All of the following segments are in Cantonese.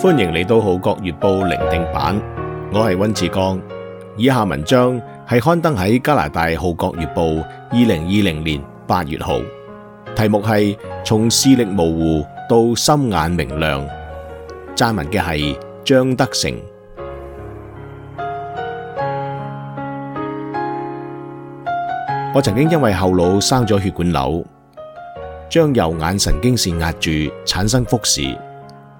歡迎嚟到《號角月報》聆聽版，我係溫志剛。以下文章係刊登喺加拿大《號角月報》二零二零年八月號，題目係《從視力模糊到心眼明亮》，撰文嘅係張德成。我曾經因為後腦生咗血管瘤，將右眼神經綫壓住，產生複視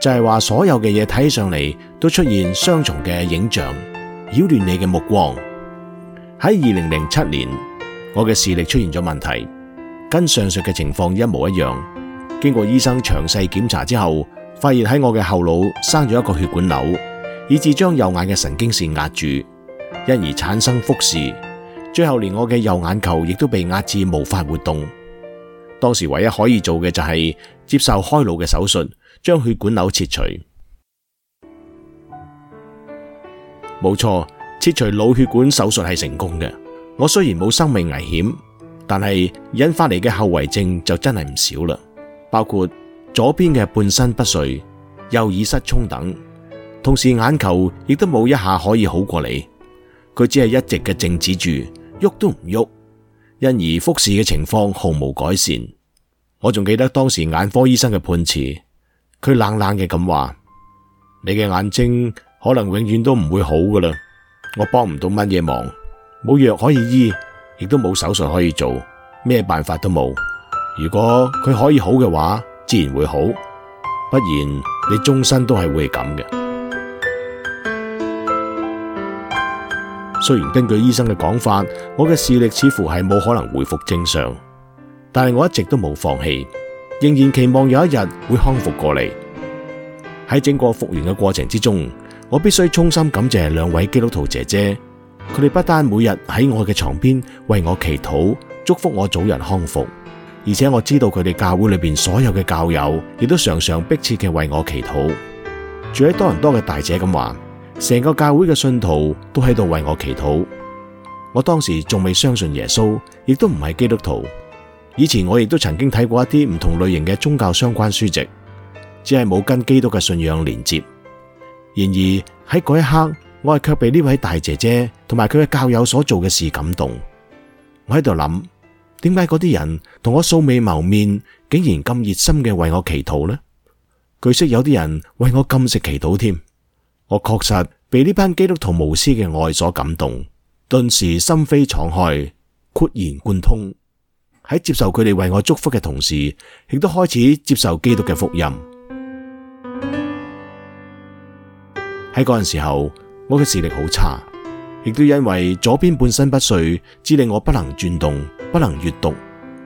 就係話所有嘅嘢睇上嚟都出現雙重嘅影像，擾亂你嘅目光。喺二零零七年，我嘅視力出現咗問題，跟上述嘅情況一模一樣。經過醫生詳細檢查之後，發現喺我嘅後腦生咗一個血管瘤，以致將右眼嘅神經線壓住，因而產生複視。最後連我嘅右眼球亦都被壓至無法活動。當時唯一可以做嘅就係接受開腦嘅手術。將血管瘤切除，冇錯，切除腦血管手術係成功嘅。我雖然冇生命危險，但係引發嚟嘅後遺症就真係唔少啦，包括左邊嘅半身不遂、右耳失聰等，同時眼球亦都冇一下可以好過你，佢只係一直嘅靜止住，喐都唔喐，因而複視嘅情況毫無改善。我仲記得當時眼科醫生嘅判詞。佢冷冷嘅咁話：你嘅眼睛可能永遠都唔會好㗎喇，我幫唔到乜嘢忙，冇藥可以醫，亦都冇手術可以做，咩辦法都冇。如果佢可以好嘅話，自然會好，不然你終身都係會咁嘅。雖然根據醫生嘅講法，我嘅視力似乎係冇可能回復正常，但係我一直都冇放棄。仍然期望有一日會康復過嚟。喺整個復原嘅過程之中，我必須衷心感謝兩位基督徒姐姐，佢哋不單每日喺我嘅床邊為我祈禱，祝福我早日康復，而且我知道佢哋教會裏面所有嘅教友，亦都常常迫切嘅為我祈禱。住喺多倫多嘅大姐咁話，成個教會嘅信徒都喺度為我祈禱。我當時仲未相信耶穌，亦都唔係基督徒。以前我亦都曾經睇過一啲唔同類型嘅宗教相關書籍，只係冇跟基督嘅信仰連接。然而喺嗰一刻，我係卻被呢位大姐姐同埋佢嘅教友所做嘅事感動。我喺度諗，點解嗰啲人同我素未謀面，竟然咁熱心嘅為我祈禱呢？據悉有啲人為我禁食祈禱添。我確實被呢班基督徒無私嘅愛所感動，頓時心扉敞開，豁然貫通。喺接受佢哋為我祝福嘅同時，亦都開始接受基督嘅福音。喺嗰陣時候，我嘅視力好差，亦都因為左邊半身不遂，致令我不能轉動、不能閱讀。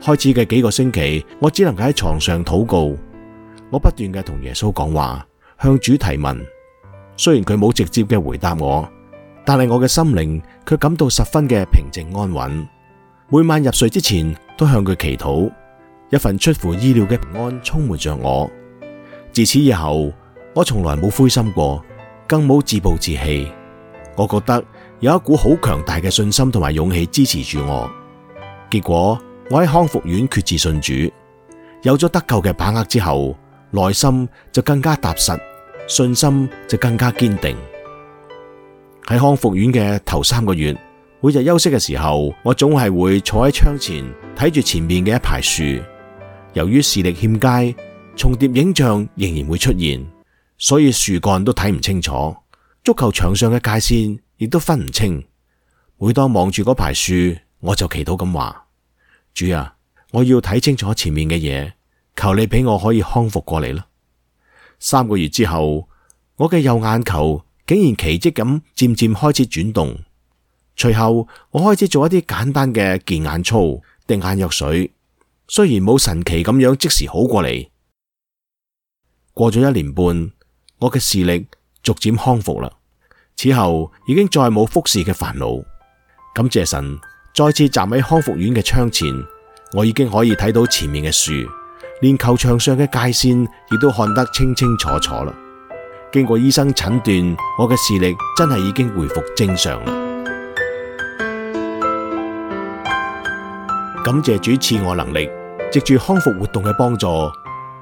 開始嘅幾個星期，我只能喺床上禱告，我不斷嘅同耶穌講話，向主提問。雖然佢冇直接嘅回答我，但係我嘅心靈卻感到十分嘅平靜安穩。每晚入睡之前，都向佢祈禱，一份出乎意料嘅平安充滿着我。自此以後，我從來冇灰心過，更冇自暴自棄。我覺得有一股好強大嘅信心同埋勇氣支持住我。結果我喺康復院決志信主，有咗得救嘅把握之後，內心就更加踏實，信心就更加堅定。喺康復院嘅頭三個月，每日休息嘅時候，我總係會坐喺窗前睇住前面嘅一排樹。由於視力欠佳，重疊影像仍然會出現，所以樹幹都睇唔清楚，足球場上嘅界線亦都分唔清。每當望住嗰排樹，我就祈禱咁話：主啊，我要睇清楚前面嘅嘢，求你俾我可以康復過嚟啦。三個月之後，我嘅右眼球竟然奇蹟咁漸漸開始轉動。隨後我開始做一啲簡單嘅健眼操、定眼藥水，雖然冇神奇咁樣即時好過嚟，過咗一年半，我嘅視力逐漸康復啦。此後已經再冇複視嘅煩惱。感謝神，再次站喺康復院嘅窗前，我已經可以睇到前面嘅樹，連球場上嘅界線亦都看得清清楚楚啦。經過醫生診斷，我嘅視力真係已經回復正常啦。感謝主賜我能力，藉住康復活動嘅幫助，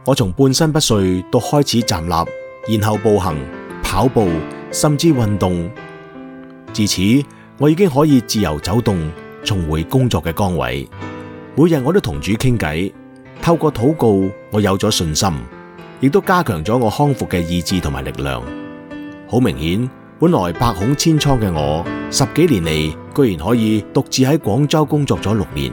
我從半身不遂到開始站立，然後步行、跑步，甚至運動。自此，我已經可以自由走動，重回工作嘅崗位。每日我都同主傾偈，透過禱告，我有咗信心，亦都加強咗我康復嘅意志同埋力量。好明顯，本來百孔千瘡嘅我，十幾年嚟居然可以獨自喺廣州工作咗六年。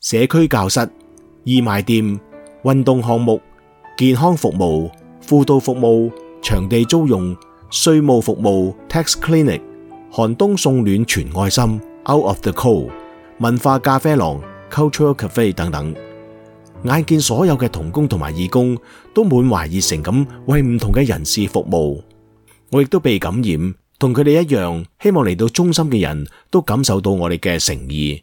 社區教室、義賣店、運動項目、健康服務、輔導服務、場地租用、稅務服務 （Tax Clinic）、寒冬送暖全愛心 （Out of the Cold）、文化咖啡廊 （Cultural Cafe） 等等。眼見所有嘅同工同埋義工都滿懷熱誠咁為唔同嘅人士服務，我亦都被感染，同佢哋一樣，希望嚟到中心嘅人都感受到我哋嘅誠意。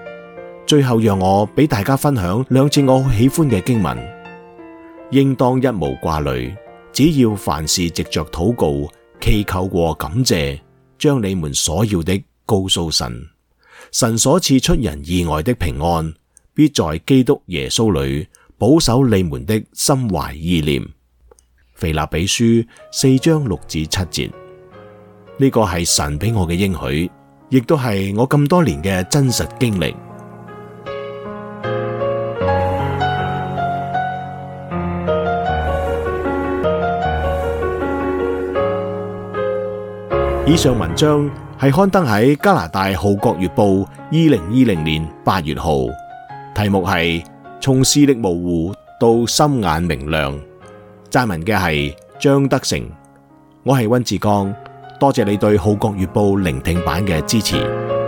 最後讓我俾大家分享兩次我喜歡嘅經文，應當一無掛慮，只要凡事藉着禱告、祈求過感謝，將你們所要的告訴神，神所賜出人意外的平安，必在基督耶穌裏保守你們的心懷意念。腓立比書四章六至七節，呢、這個係神俾我嘅應許，亦都係我咁多年嘅真實經歷。以上文章係刊登喺加拿大《號角月報》二零二零年八月號，題目係《從視力模糊到心眼明亮》，撰文嘅係張德成，我係溫志剛，多謝你對《號角月報》聆聽版嘅支持。